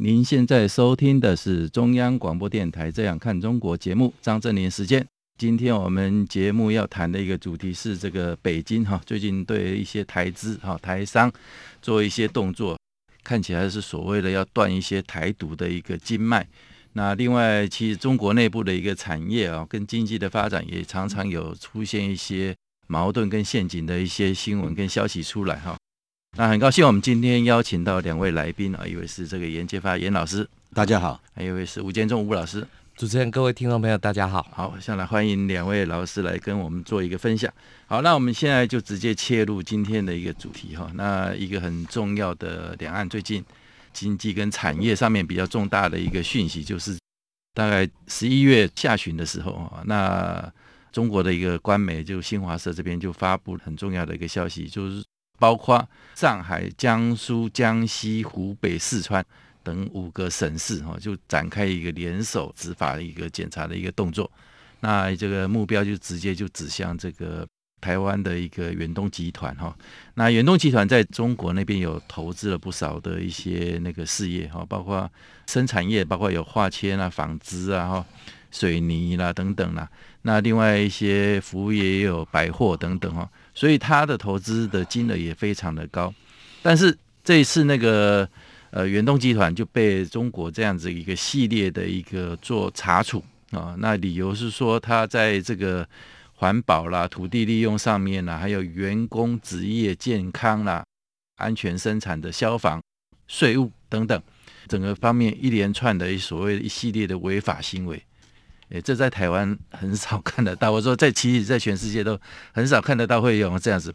您現在收聽的是中央廣播電台《這樣看中國》節目，張正霖時間。今天我們節目要談的一個主題是這個北京哈、啊，最近對一些台資哈、啊、台商做一些動作，看起來是所謂的要斷一些台獨的一個經脈。那另外，其實中國內部的一個產業啊，跟經濟的發展也常常有出現一些矛盾跟陷阱的一些新聞跟消息出來哈、啊。那很高興，我們今天邀請到兩位來賓啊，一位是這個顏建發顏老師，大家好；還有一位是吳建忠吳老師。主持人，各位聽眾朋友，大家好。好，下來歡迎兩位老師來跟我們做一個分享。好，那我們現在就直接切入今天的一個主題哈。那一個很重要的兩岸最近經濟跟產業上面比較重大的一個訊息，就是大概十一月下旬的時候，那中國的一個官媒就新華社這邊就發布很重要的一個消息，就是。包括上海、江蘇、江西、湖北、四川等五個省市，哈，就展開一個聯手執法的一個檢查的一個動作。那這個目標就直接就指向這個台灣的一個遠東集團，哈。那遠東集團在中國那邊有投資了不少的一些那個事業，哈，包括生產業，包括有化纖啊、紡織啊、哈、水泥啦、啊、等等啦、啊。那另外一些服務業也有百貨等等，哈。所以他的投資的金額也非常的高，但是這一次那個呃遠東集團就被中國這樣子一個系列的一個做查處啊，那理由是說他在這個環保啦、土地利用上面啦，還有員工職業健康啦、安全生產的消防、稅務等等整個方面一連串的一所謂一系列的違法行為。誒，這在台灣很少看得到，我說，在其實，在全世界都很少看得到會用這樣子。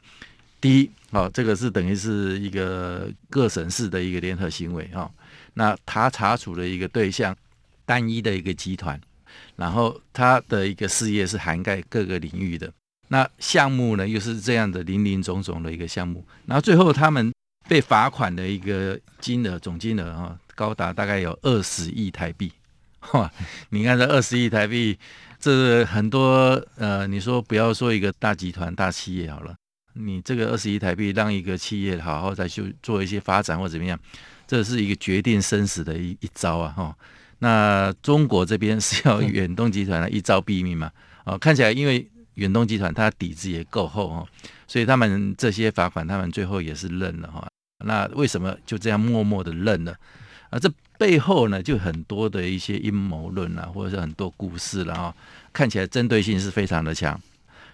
第一，哦，這個是等於是一個各省市的一個聯合行為啊、哦。那他查處的一個對象，單一的一個集團，然後他的一個事業是涵蓋各個領域的。那項目呢，又是這樣的林林總總的一個項目。然後最後他們被罰款的一個金額，總金額啊、哦，高達大概有二十億台幣。哇、哦！你看這二十億台幣，這是、個、很多呃，你說不要說一個大集團、大企業好了，你這個二十億台幣讓一個企業好好再去做一些發展或怎麼樣，這是一個決定生死的一一招啊！哈、哦，那中國這邊是要遠東集團的一招斃命嘛？哦，看起來因為遠東集團它底子也夠厚哦，所以他們這些罰款他們最後也是認了哈、哦。那為什麼就這樣默默的認了？啊，這。背後呢，就很多的一些陰謀論啊，或者是很多故事了啊，看起來針對性是非常的強。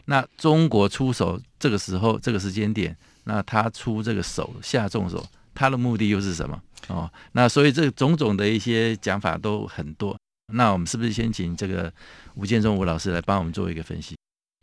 那中國出手這個時候、這個時間點，那他出這個手下重手，他的目的又是什麼？哦，那所以這種種的一些講法都很多。那我們是不是先請這個吳建忠吳老師來幫我們做一個分析？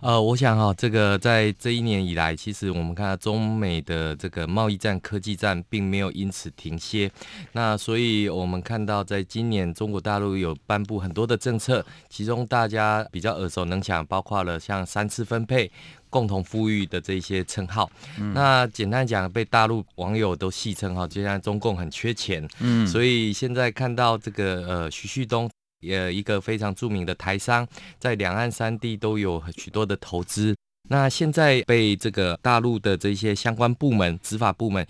呃，我想哈、哦，這個在這一年以來，其實我們看到中美的這個貿易戰、科技戰並沒有因此停歇。那所以，我們看到在今年中國大陸有頒布很多的政策，其中大家比較耳熟能詳，包括了像三次分配、共同富裕的這些稱號。嗯、那簡單講，被大陸網友都戲稱哈，就像中共很缺錢。嗯，所以現在看到這個呃，徐旭東。呃，一個非常著名的台商，在兩岸三地都有許多的投資。那現在被這個大陸的這些相關部門、執法部門。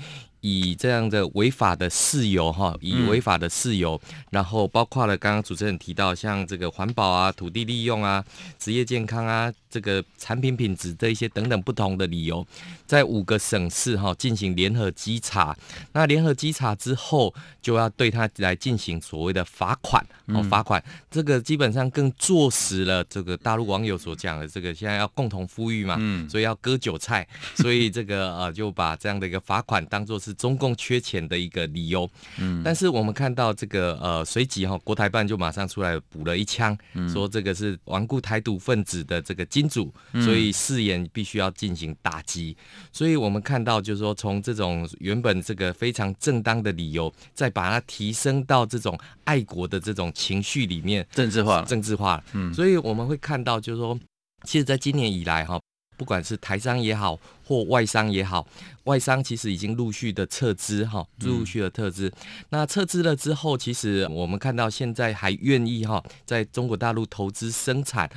以這樣的違法的事由哈，以違法的事由，嗯、然後包括了剛剛主持人提到像這個環保啊、土地利用啊、職業健康啊、這個產品品質這一些等等不同的理由，在五個省市哈、啊、進行聯合稽查。那聯合稽查之後，就要對他來進行所謂的罰款，哦、嗯，罰款。這個基本上更坐實了這個大陸網友所講的這個現在要共同富裕嘛，嗯、所以要割韭菜，所以這個呃、啊、就把這樣的一個罰款當做是。中共缺錢的一個理由，嗯、但是我們看到這個呃，隨即哈、哦、國台辦就馬上出來補了一槍，嗯、說這個是頑固台獨分子的這個金主，所以誓言必須要進行打擊。嗯、所以我們看到就是說，從這種原本這個非常正當的理由，再把它提升到這種愛國的這種情緒裡面，政治化，嗯、政治化。嗯，所以我們會看到就是說，其實，在今年以來哈、哦。不管是台商也好，或外商也好，外商其實已經陸續的撤資哈，陸續的撤資。嗯、那撤資了之後，其實我們看到現在還願意哈，在中國大陸投資生產，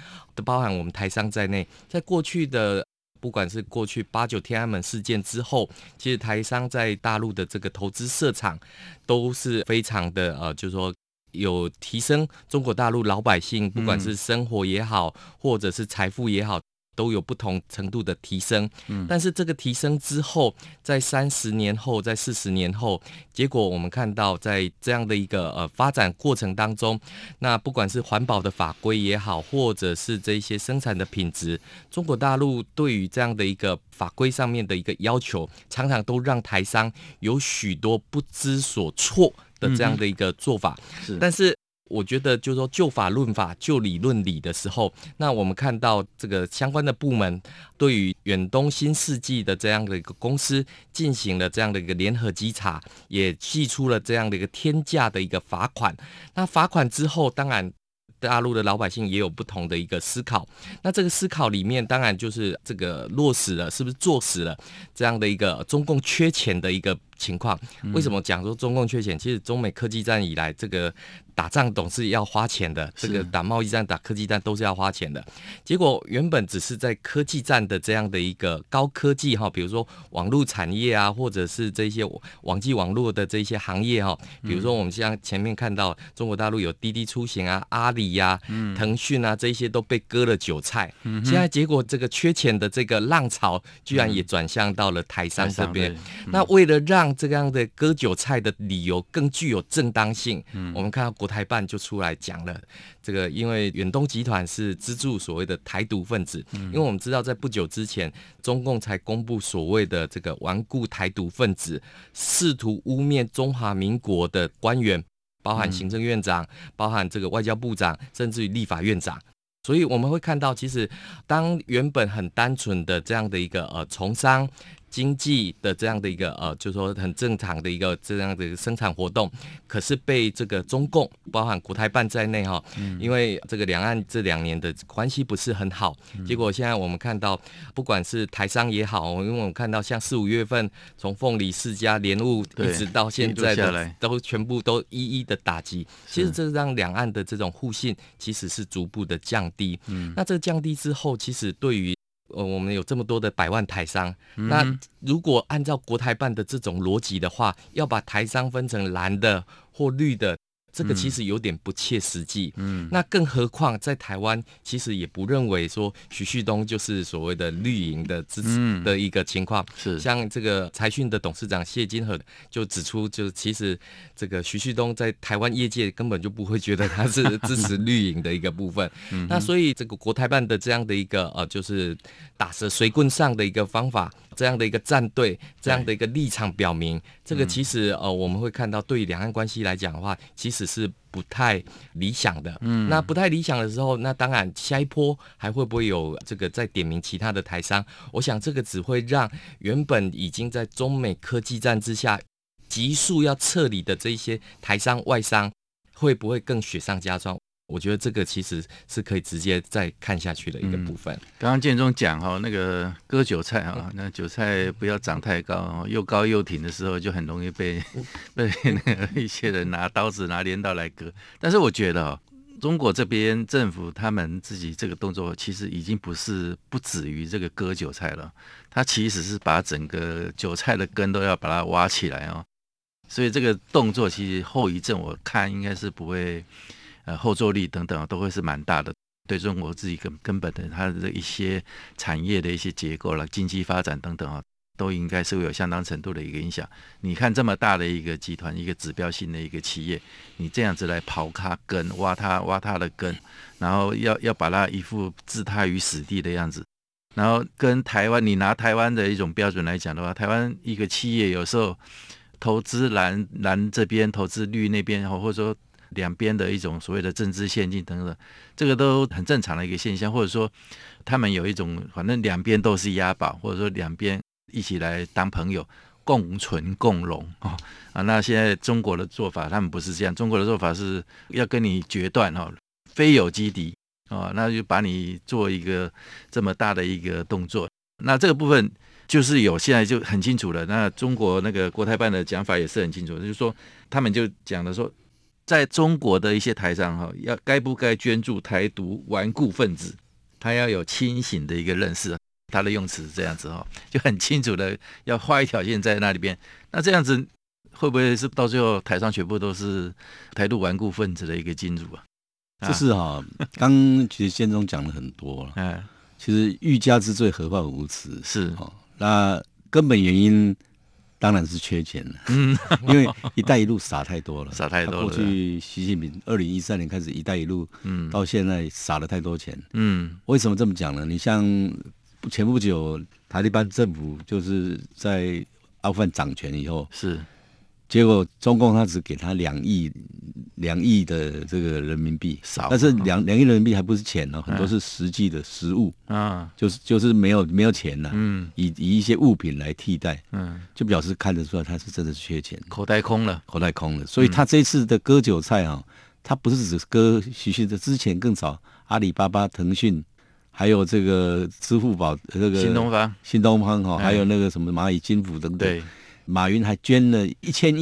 包含我們台商在內，在過去的不管是過去八九天安門事件之後，其實台商在大陸的這個投資設廠都是非常的呃，就是說有提升中國大陸老百姓不管是生活也好，或者是財富也好，都有不同程度的提升，嗯，但是這個提升之後，在三十年後，在四十年後，結果我們看到，在這樣的一個呃發展過程當中，那不管是環保的法規也好，或者是這一些生產的品質，中國大陸對於這樣的一個法規上面的一個要求，常常都讓台商有許多不知所措的這樣的一個做法，嗯嗯是，但是。我覺得就是說，就法論法、就理論理的時候，那我們看到這個相關的部門對於遠東新世紀的這樣的一個公司進行了這樣的一個聯合稽查，也寄出了這樣的一個天價的一個罰款。那罰款之後，當然大陸的老百姓也有不同的一個思考。那這個思考裡面，當然就是這個落實了，是不是坐實了這樣的一個中共缺錢的一個？情況，為什麼講說中共缺錢？其實中美科技戰以來，這個打仗總是要花錢的，這個打貿易戰、打科技戰都是要花錢的。結果原本只是在科技戰的這樣的一個高科技哈，比如說網絡產業啊，或者是這些網際網絡的這些行業哈，比如說我們像前面看到中國大陸有滴滴出行啊、阿里呀、啊、騰訊啊，這些都被割了韭菜。現在結果這個缺錢的這個浪潮居然也轉向到了台商這邊。那為了讓這樣的割韭菜的理由更具有正當性。嗯，我們看到國台辦就出來講了，這個因為遠東集團是資助所謂的台獨分子。嗯，因為我們知道在不久之前，中共才公布所謂的這個頑固台獨分子試圖污蔑中華民國的官員，包含行政院長，包含這個外交部長，甚至於立法院長。所以我們會看到，其實當原本很單純的這樣的一個呃從商。經濟的這樣的一個呃，就是說很正常的一個這樣的一個生產活動，可是被這個中共，包含國台辦在內哈，嗯、因為這個兩岸這兩年的關係不是很好，嗯、結果現在我們看到，不管是台商也好，因為我們看到像四五月份從鳳梨世家、蓮霧，一直到現在的都全部都一一的打擊，是其實這讓兩岸的這種互信其實是逐步的降低。嗯，那這降低之後，其實對於。呃、嗯，我們有這麼多的百萬台商，那如果按照國台辦的這種邏輯的話，要把台商分成藍的或綠的。這個其實有點不切實際。嗯。那更何況在台灣，其實也不認為說徐旭東就是所謂的綠營的支持的一個情況。嗯、是。像這個財訊的董事長謝金河就指出，就是其實這個徐旭東在台灣業界根本就不會覺得他是支持綠營的一個部分。嗯。那所以這個國台辦的這樣的一個呃，就是打蛇隨棍上的一個方法，這樣的一個站隊，這樣的一個立場表明，嗯、這個其實呃，我們會看到對兩岸關係來講的話，其實。只是不太理想的，嗯，那不太理想的時候，那當然下一波還會不會有這個再點名其他的台商？我想這個只會讓原本已經在中美科技戰之下急速要撤離的這些台商外商，會不會更雪上加霜？我覺得這個其實是可以直接再看下去的一個部分。剛、嗯、剛建忠講哈、哦，那個割韭菜好、哦、了。那韭菜不要長太高、哦，又高又挺的時候，就很容易被、嗯、被那個一些人拿刀子拿鐮刀來割。但是我覺得、哦、中國這邊政府他們自己這個動作，其實已經不是不止於這個割韭菜了，它其實是把整個韭菜的根都要把它挖起來哦。所以這個動作其實後遺症，我看應該是不會。呃、後坐力等等啊，都會是蠻大的，對中國自己根根本的，它的一些產業的一些結構啦、啊，經濟發展等等啊，都應該是會有相當程度的一個影響。你看這麼大的一個集團，一個指標性的一個企業，你這樣子來刨它根，挖它挖它的根，然後要要把它一副置它於死地的樣子，然後跟台灣，你拿台灣的一種標準來講的話，台灣一個企業有時候投資藍藍這邊，投資綠那邊，然後、哦、或者說。兩邊的一種所謂的政治陷阱等等，這個都很正常的一個現象，或者說他們有一種反正兩邊都是押寶，或者說兩邊一起來當朋友，共存共榮啊、哦、啊！那現在中國的做法，他們不是這樣，中國的做法是要跟你決斷哦，非友即敵哦，那就把你做一個這麼大的一個動作。那這個部分就是有現在就很清楚了。那中國那個國台辦的講法也是很清楚，就是說他們就講的說。在中國的一些台商哈，要該不該捐助台獨頑固分子？他要有清醒的一個認識，他的用詞是這樣子哈，就很清楚的要畫一條線在那裡邊。那這樣子會不會是到最後台商全部都是台獨頑固分子的一個金主啊？就是哈、啊，剛其實建忠講了很多了。哎， 其實欲加之罪，何患無辭？是。那根本原因。當然是缺錢了，嗯，因為“一帶一路”撒太多了，撒太多了。啊、過去習近平二零一三年開始“一帶一路”，到現在撒了太多錢，嗯。為什麼這麼講呢？你像前不久塔利班政府就是在阿富汗掌權以後是。結果中共他只給他兩億，兩億的這個人民幣少，但是兩兩億人民幣還不是錢呢，很多是實際的實物啊，嗯、就是就是沒有沒有錢了、啊，嗯，以以一些物品來替代，嗯，就表示看得出來他是真的缺錢，口袋空了，口袋空了，所以他這次的割韭菜哈，他不是只割許許，其實的之前更早，阿里巴巴、騰訊，還有這個支付寶那、呃這個新東方、新東方哈，嗯、還有那個什麼螞蟻金服等等。馬雲還捐了一千億，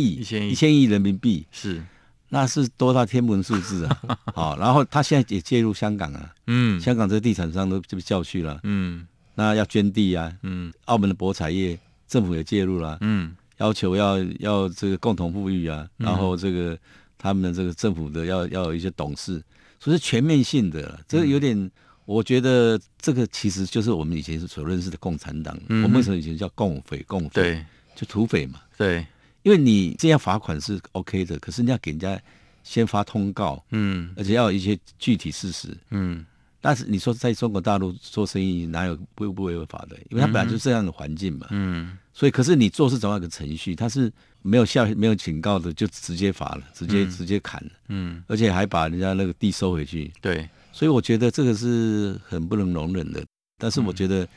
一千億人民幣是，那是多大天文數字啊！好，然後他現在也介入香港啊，嗯，香港這地產商都就被叫去了，嗯，那要捐地啊，嗯，澳門的博彩業政府也介入了，嗯，要求要要這個共同富裕啊，然後這個他們的這個政府的要要有一些董事，所以是全面性的，這個有點，我覺得這個其實就是我們以前所認識的共產黨，我們為什麼以前叫共匪？共匪。就土匪嘛，對，因為你這樣罰款是 OK 的，可是你要給人家先發通告，嗯，而且要有一些具體事實，嗯。但是你說在中國大陸做生意，哪有不不違法的？因為他本來就是這樣的環境嘛，嗯。所以，可是你做事總要有一個程序，他、嗯、是沒有下沒有警告的，就直接罰了，直接、嗯、直接砍了，嗯，而且還把人家那個地收回去，對。所以我覺得這個是很不能容忍的。但是我覺得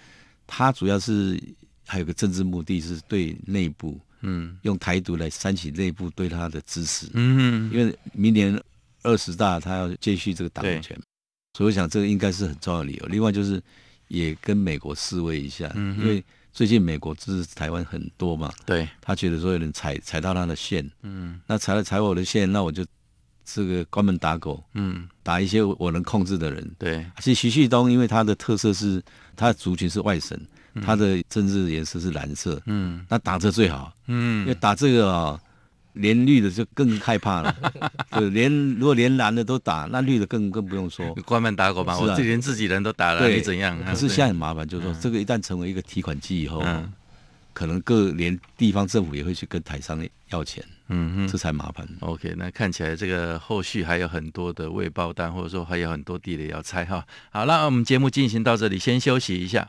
他主要是。還有個政治目的是對內部，嗯，用台獨來煽起內部對他的支持，嗯哼，因為明年二十大他要繼續這個黨權，對所以我想這個應該是很重要的理由。另外就是也跟美國示威一下，嗯、哼因為最近美國支持台灣很多嘛，對，他覺得說有人踩踩到他的線，嗯，那踩了踩我的線，那我就這個關門打狗，嗯，打一些我能控制的人，對。其實徐旭東因為他的特色是他的族群是外省。它的政治顏色是藍色，嗯，那打這最好，嗯，因為打這個啊，連綠的就更害怕了，就連如果連藍的都打，那綠的更更不用說，你關門打狗吧，我自己連自己人都打了，你怎樣？可是現在很麻煩，就是說這個一旦成為一個提款機以後，嗯，可能各連地方政府也會去跟台商要錢，嗯這才麻煩。OK，那看起來這個後續還有很多的未爆彈，或者說還有很多地雷要拆哈。好，那我們節目進行到這裡，先休息一下。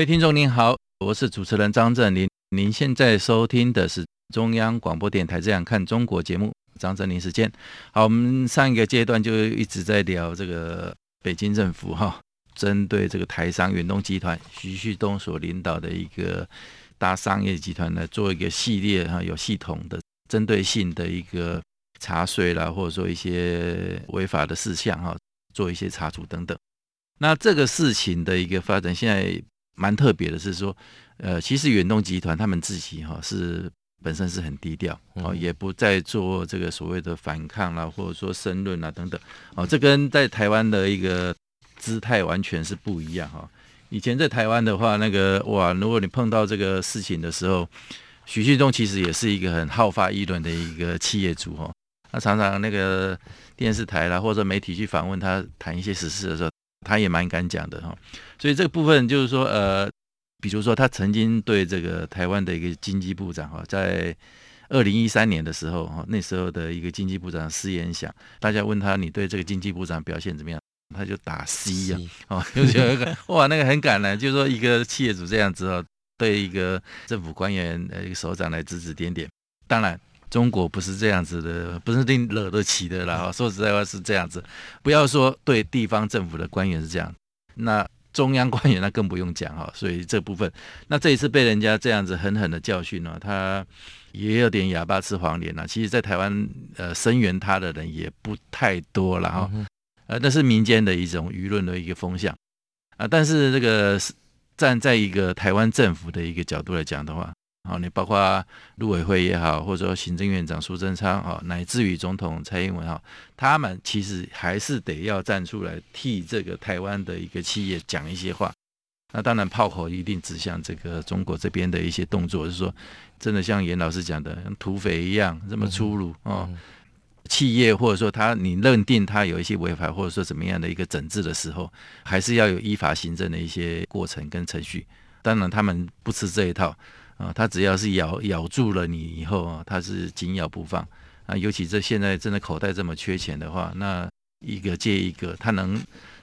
各位聽眾您好，我是主持人張正霖。您現在收聽的是中央廣播電台《這樣看中國》節目。張正霖時間。好，我們上一個階段就一直在聊這個北京政府哈，針對這個台商遠東集團徐旭東所領導的一個大商業集團，來做一個系列哈，有系統的針對性的一個查稅啦，或者說一些違法的事項哈，做一些查處等等。那這個事情的一個發展，現在。蠻特別的是說，呃，其實遠東集團他們自己哈是本身是很低調哦，嗯、也不再做這個所謂的反抗啦、啊，或者說申論啦等等哦，這跟在台灣的一個姿態完全是不一樣哈。以前在台灣的話，那個哇，如果你碰到這個事情的時候，徐旭東其實也是一個很好發議論的一個企業主哈，他常常那個電視台啦、啊、或者媒體去訪問他談一些時事的時候。他也蠻敢講的哈，所以這個部分就是說，呃，比如說他曾經對這個台灣的一個經濟部長哈，在二零一三年的時候哈，那時候的一個經濟部長施顏祥，大家問他，你對這個經濟部長表現怎麼樣？他就打 C 呀，啊 C 哦，就覺得，哇，那個很感人， 就是說一個企業主這樣子哦，對一個政府官員一個首長來指指點點，當然。中國不是這樣子的，不是令惹，惹得起的啦！說實在話是這樣子，不要說對地方政府的官員是這樣，那中央官員那更不用講哈。所以這部分，那這一次被人家這樣子狠狠的教訓呢、啊，他也有點啞巴吃黃連了、啊。其實，在台灣呃，聲援他的人也不太多了哈，那、嗯哼呃、是民間的一種輿論的一個風向啊、呃，但是這個站在一個台灣政府的一個角度來講的話。哦、你包括陸委會也好，或者說行政院長蘇貞昌乃至於總統蔡英文哈，他們其實還是得要站出來替這個台灣的一個企業講一些話。那當然，炮口一定指向這個中國這邊的一些動作，就是說，真的像顏老師講的，像土匪一樣這麼粗魯、嗯、哦。嗯、企業或者說他，你認定他有一些違法，或者說怎麼樣的一個整治的時候，還是要有依法行政的一些過程跟程序。當然，他們不吃這一套。啊，他只要是咬咬住了你以後啊，他是緊咬不放啊。尤其這現在真的口袋這麼缺錢的話，那一個接一個，他能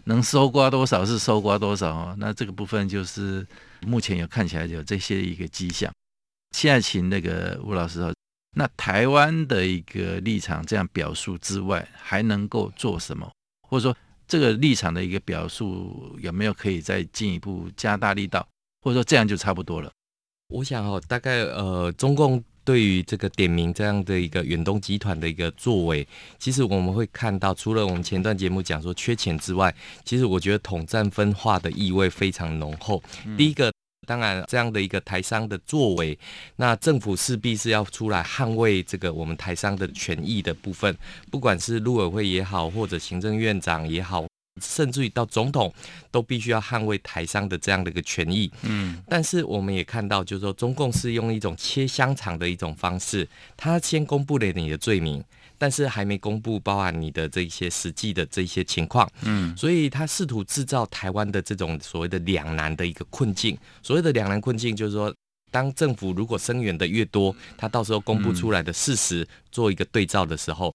能搜刮多少是搜刮多少啊。那這個部分就是目前有看起來有這些一個跡象。現在請那個吳老師說，那台灣的一個立場這樣表述之外，還能夠做什麼？或者說這個立場的一個表述有沒有可以再進一步加大力道？或者說這樣就差不多了？我想哈、哦，大概呃，中共對於這個點名這樣的一個遠東集團的一個作為，其實我們會看到，除了我們前段節目講說缺錢之外，其實我覺得統戰分化的意味非常濃厚。嗯、第一個，當然這樣的一個台商的作為，那政府勢必是要出來捍衛這個我們台商的權益的部分，不管是陸委會也好，或者行政院長也好。甚至於到總統都必須要捍衛台商的這樣的一個權益。嗯，但是我們也看到，就是說中共是用一種切香腸的一種方式，他先公布了你的罪名，但是還沒公布包含你的這些實際的這些情況。嗯，所以他試圖制造台灣的這種所謂的兩難的一個困境。所謂的兩難困境，就是說，當政府如果聲援的越多，他到時候公布出來的事實，嗯，做一個對照的時候。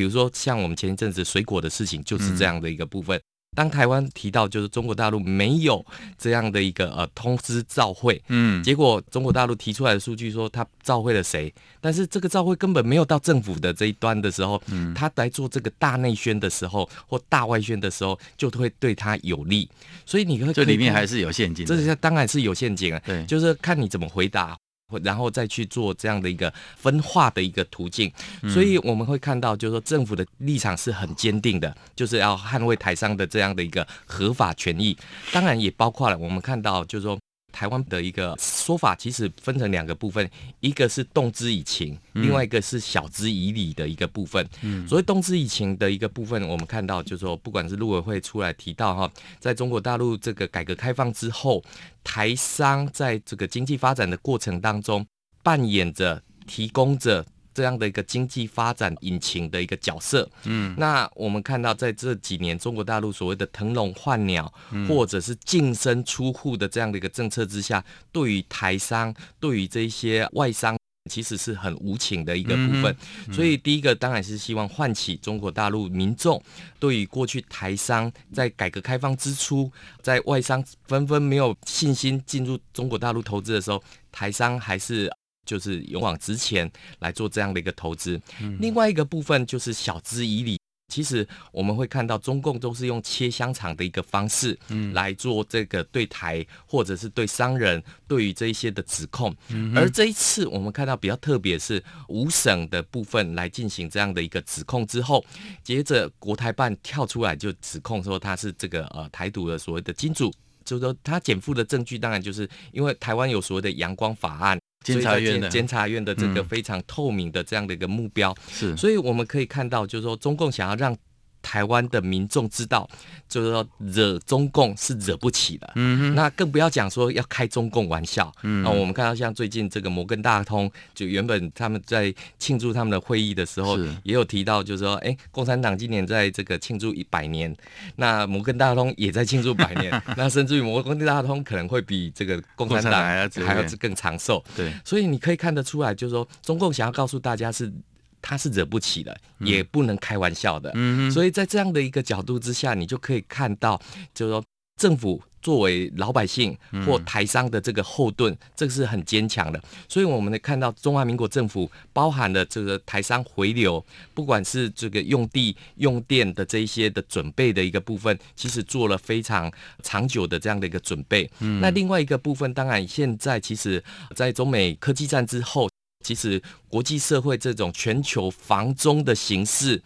比如說，像我們前一陣子水果的事情，就是這樣的一個部分。嗯、當台灣提到就是中國大陸沒有這樣的一個呃通知照會，嗯，結果中國大陸提出來的數據說他照會了誰，但是這個照會根本沒有到政府的這一端的時候，他、嗯、來做這個大內宣的時候或大外宣的時候，就會對他有利。所以你看這裡面還是有陷阱的，這些當然是有陷阱啊。對，就是看你怎麼回答。然後再去做這樣的一個分化的一個途徑，所以我們會看到，就是說政府的立場是很堅定的，就是要捍衛台商的這樣的一個合法權益，當然也包括了我們看到，就是說。台灣的一個說法其實分成兩個部分，一個是動之以情，另外一個是曉之以理的一個部分。嗯，所謂動之以情的一個部分，我們看到就是說，不管是陸委會出來提到哈，在中國大陸這個改革開放之後，台商，在這個經濟發展的過程當中扮演着提供者。這樣的一個經濟發展引擎的一個角色，嗯，那我們看到在這幾年中國大陸所謂的“騰籠換鳥”嗯、或者是“淨身出戶”的這樣的一個政策之下，對於台商、對於這些外商，其實是很無情的一個部分。嗯嗯、所以，第一個當然是希望喚起中國大陸民眾對於過去台商在改革開放之初，在外商紛紛沒有信心進入中國大陸投資的時候，台商還是。就是勇往直前來做這樣的一個投資，另外一個部分就是曉之以理。其實我們會看到，中共都是用切香腸的一個方式嗯，來做這個對台或者是對商人對於這一些的指控。而這一次我們看到比較特別是，五省的部分來進行這樣的一個指控之後，接着國台辦跳出來就指控說他是這個呃台獨的所謂的金主，就是說他減負的證據，當然就是因為台灣有所謂的陽光法案。檢察院的檢察院的這個非常透明的這樣的一個目標，嗯、是，所以我們可以看到，就是說，中共想要讓台灣的民眾知道，就是說惹中共是惹不起的。嗯哼，那更不要講說要開中共玩笑。嗯，那、啊、我們看到像最近這個摩根大通，就原本他們在慶祝他們的會議的時候，是也有提到，就是說，哎、欸，共產黨今年在這個慶祝一百年，那摩根大通也在慶祝百年， 那甚至於摩根大通可能會比這個共產黨還要還要更長壽。對，所以你可以看得出來，就是說中共想要告訴大家是。他是惹不起的，也不能開玩笑的。嗯，嗯，所以在這樣的一個角度之下，你就可以看到，就是說政府作為老百姓或台商的這個後盾，嗯，這個是很堅強的。所以我們看到中華民國政府包含了這個台商回流，不管是這個用地、用電的這一些的準備的一個部分，其實做了非常長久的這樣的一個準備。嗯，那另外一個部分，當然現在其實在中美科技戰之後。其實，國際社會這種全球防中的形式，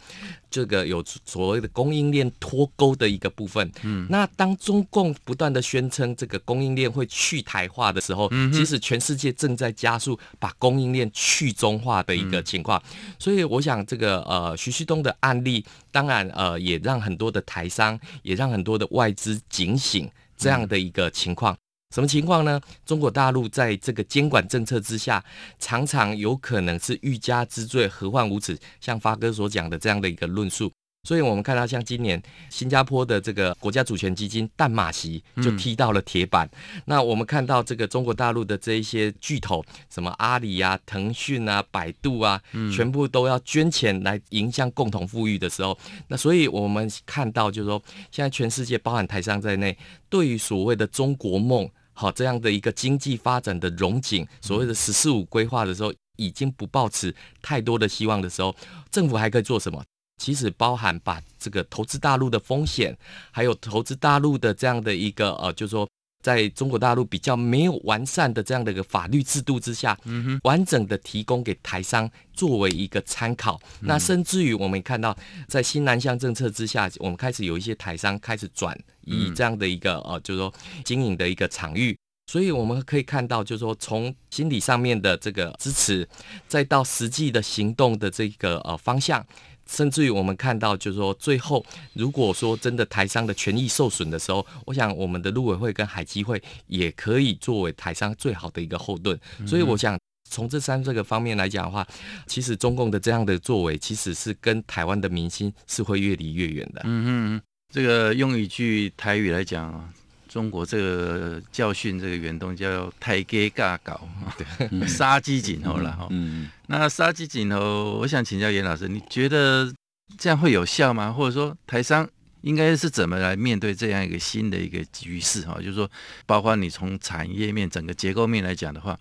這個有所謂的供應鏈脫鈎的一個部分。嗯，那當中共不斷的宣稱這個供應鏈會去台化的時候，嗯、哼其實全世界正在加速把供應鏈去中化的一個情況。嗯、所以，我想這個呃徐旭東的案例，當然呃也讓很多的台商，也讓很多的外資警醒這樣的一個情況。嗯什麼情況呢？中國大陸在這個監管政策之下，常常有可能是欲加之罪，何患無辭，像發哥所講的這樣的一個論述。所以，我們看到像今年新加坡的這個國家主權基金淡馬錫就踢到了鐵板。嗯、那我們看到這個中國大陸的這一些巨頭，什麼阿里啊、騰訊啊、百度啊，全部都要捐錢來迎向共同富裕的時候，嗯、那所以我們看到就是說，現在全世界，包含台商在內，對於所謂的中國夢。好，這樣的一個經濟發展的榮景，所謂的“十四五”規劃的時候，已經不抱持太多的希望的時候，政府還可以做什麼？其實包含把這個投資大陸的風險，還有投資大陸的這樣的一個呃，就是說。在中國大陸比較沒有完善的這樣的一個法律制度之下，嗯、哼完整的提供給台商作為一個參考。那甚至於我們看到，在新南向政策之下，我們開始有一些台商開始轉以這樣的一個、嗯、呃，就是說經營的一個場域。所以我們可以看到，就是說從心理上面的這個支持，再到實際的行動的這個呃方向。甚至於我們看到，就是說，最後如果說真的台商的權益受損的時候，我想我們的陸委會跟海基會也可以作為台商最好的一個後盾。所以我想從這三這個方面來講的話，其實中共的這樣的作為，其實是跟台灣的民心是會越離越遠的。嗯嗯嗯，這個用一句台語來講啊。中國這個教訓，這個遠東叫台階尬搞，對嗯、殺雞儆猴了哈。嗯嗯、那殺雞儆猴，我想請教嚴老師，你覺得這樣會有效嗎？或者說，台商應該是怎麼來面對這樣一個新的一個局勢？哈，就是說，包括你從產業面、整個結構面來講的話。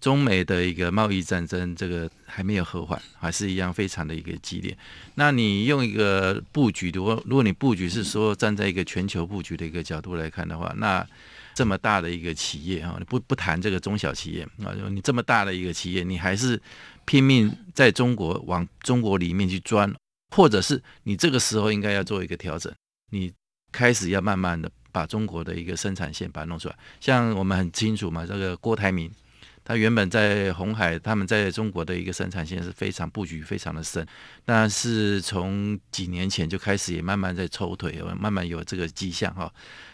中美的一個貿易戰爭，這個還沒有和緩，還是一樣非常的一個激烈。那你用一個布局，如果如果你布局是說站在一個全球布局的一個角度來看的話，那這麼大的一個企業啊，你不不談這個中小企業啊，你這麼大的一個企業，你還是拼命在中國往中國裡面去鑽，或者是你這個時候應該要做一個調整，你開始要慢慢的把中國的一個生產線把它弄出來。像我們很清楚嘛，這個郭台銘。那原本在鴻海，他們在中國的一個生產線是非常布局非常的深，但是從幾年前就開始也慢慢在抽腿，慢慢有這個跡象哈。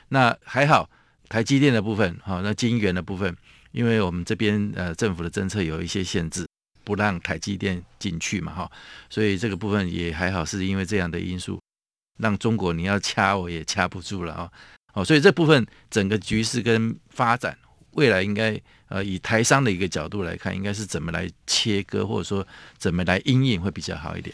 那還好，台積電的部分，哈，那晶圓的部分，因為我們這邊呃政府的政策有一些限制，不讓台積電進去嘛哈，所以這個部分也還好，是因為這樣的因素，讓中國你要掐我也掐不住了啊，哦，所以這部分整個局勢跟發展未來應該。呃，以台商的一個角度來看，應該是怎麼來切割，或者說怎麼來因應會比較好一點。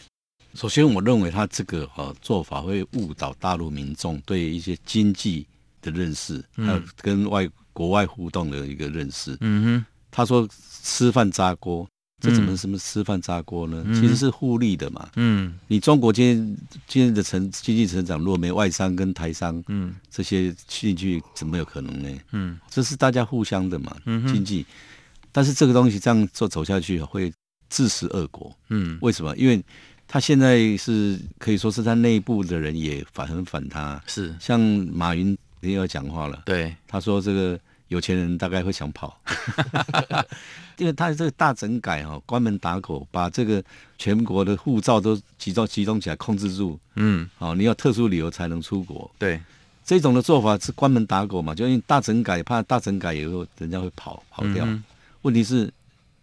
首先，我認為他這個呃、啊、做法會誤導大陸民眾對一些經濟的認識，還有、嗯啊、跟外國外互動的一個認識。嗯哼，他說吃飯砸鍋。這怎麼什麼吃飯砸鍋呢？嗯、其實是互利的嘛。嗯，你中國今天今天的成經濟成長，如果沒外商跟台商，嗯，這些進去，怎麼有可能呢？嗯，這是大家互相的嘛。嗯哼，經濟，但是這個東西這樣做走下去會自食惡果。嗯，為什麼？因為他現在是可以說是他內部的人也反很反他。是，像馬雲也要講話了。對，他說這個。有錢人大概會想跑， 因為他這個大整改哈、哦，關門打狗，把這個全國的護照都集中集中起來控制住。嗯，好，你要特殊理由才能出國。對，這種的做法是關門打狗嘛，就因為大整改，怕大整改以後人家會跑跑掉。嗯嗯、問題是，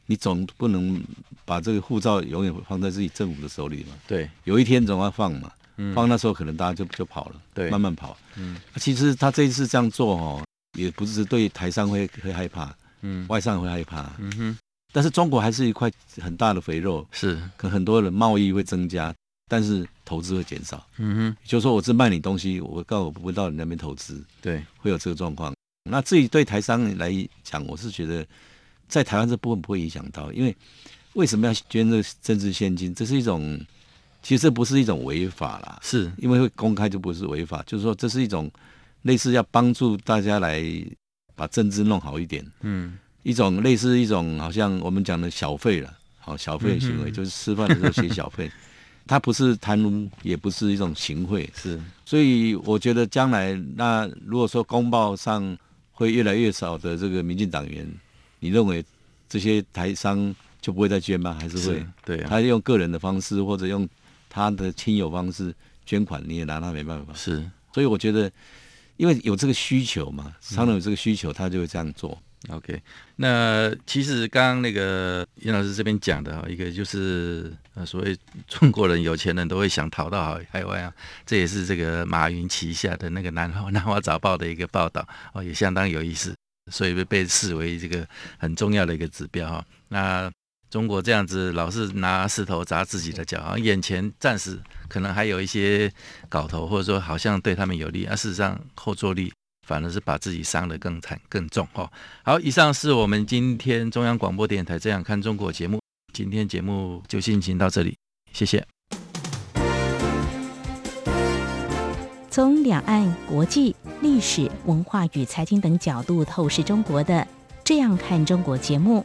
你總不能把這個護照永遠放在自己政府的手裡嘛？對，有一天總要放嘛，放那時候可能大家就就跑了，對，慢慢跑。嗯，其實他這一次這樣做哦。也不是對台商會會害怕，嗯，外商會害怕，嗯哼，但是中國還是一塊很大的肥肉，是，可很多人貿易會增加，但是投資會減少，嗯哼，也就是說我這賣你東西，我告訴我不會到你那邊投資，對，會有這個狀況。那至於對台商來講，我是覺得在台灣這部分不會影響到，因為為什麼要捐這個政治獻金？這是一種，其實這不是一種違法啦，是因為會公開就不是違法，就是說這是一種。類似要幫助大家來把政治弄好一點，嗯，一種類似一種好像我們講的小費了，好小費行為，就是吃飯的時候寫小費，他不是貪污，也不是一種行賄，是。所以我覺得將來那如果說公報上會越來越少的這個民進黨員，你認為這些台商就不會再捐嗎？還是會？對，他用個人的方式或者用他的親友方式捐款，你也拿他沒辦法。是。所以我覺得。因為有這個需求嘛，商人有這個需求，他就會這樣做。OK，那其實剛剛那個顏老師這邊講的一個就是，呃，所謂中國人有錢人都會想逃到海海外啊，這也是這個馬雲旗下的那個南南華早報的一個報道哦，也相當有意思，所以被被視為這個很重要的一個指標哈。那中國這樣子老是拿石頭砸自己的腳，眼前暫時可能還有一些搞頭，或者說好像對他們有利，而、啊、事實上後坐力反而是把自己傷得更慘更重哈。好，以上是我們今天中央廣播電臺《這樣看中國》節目，今天節目就進行到這裡，謝謝。從兩岸、國際、歷史、文化與財經等角度透視中國的《這樣看中國》節目。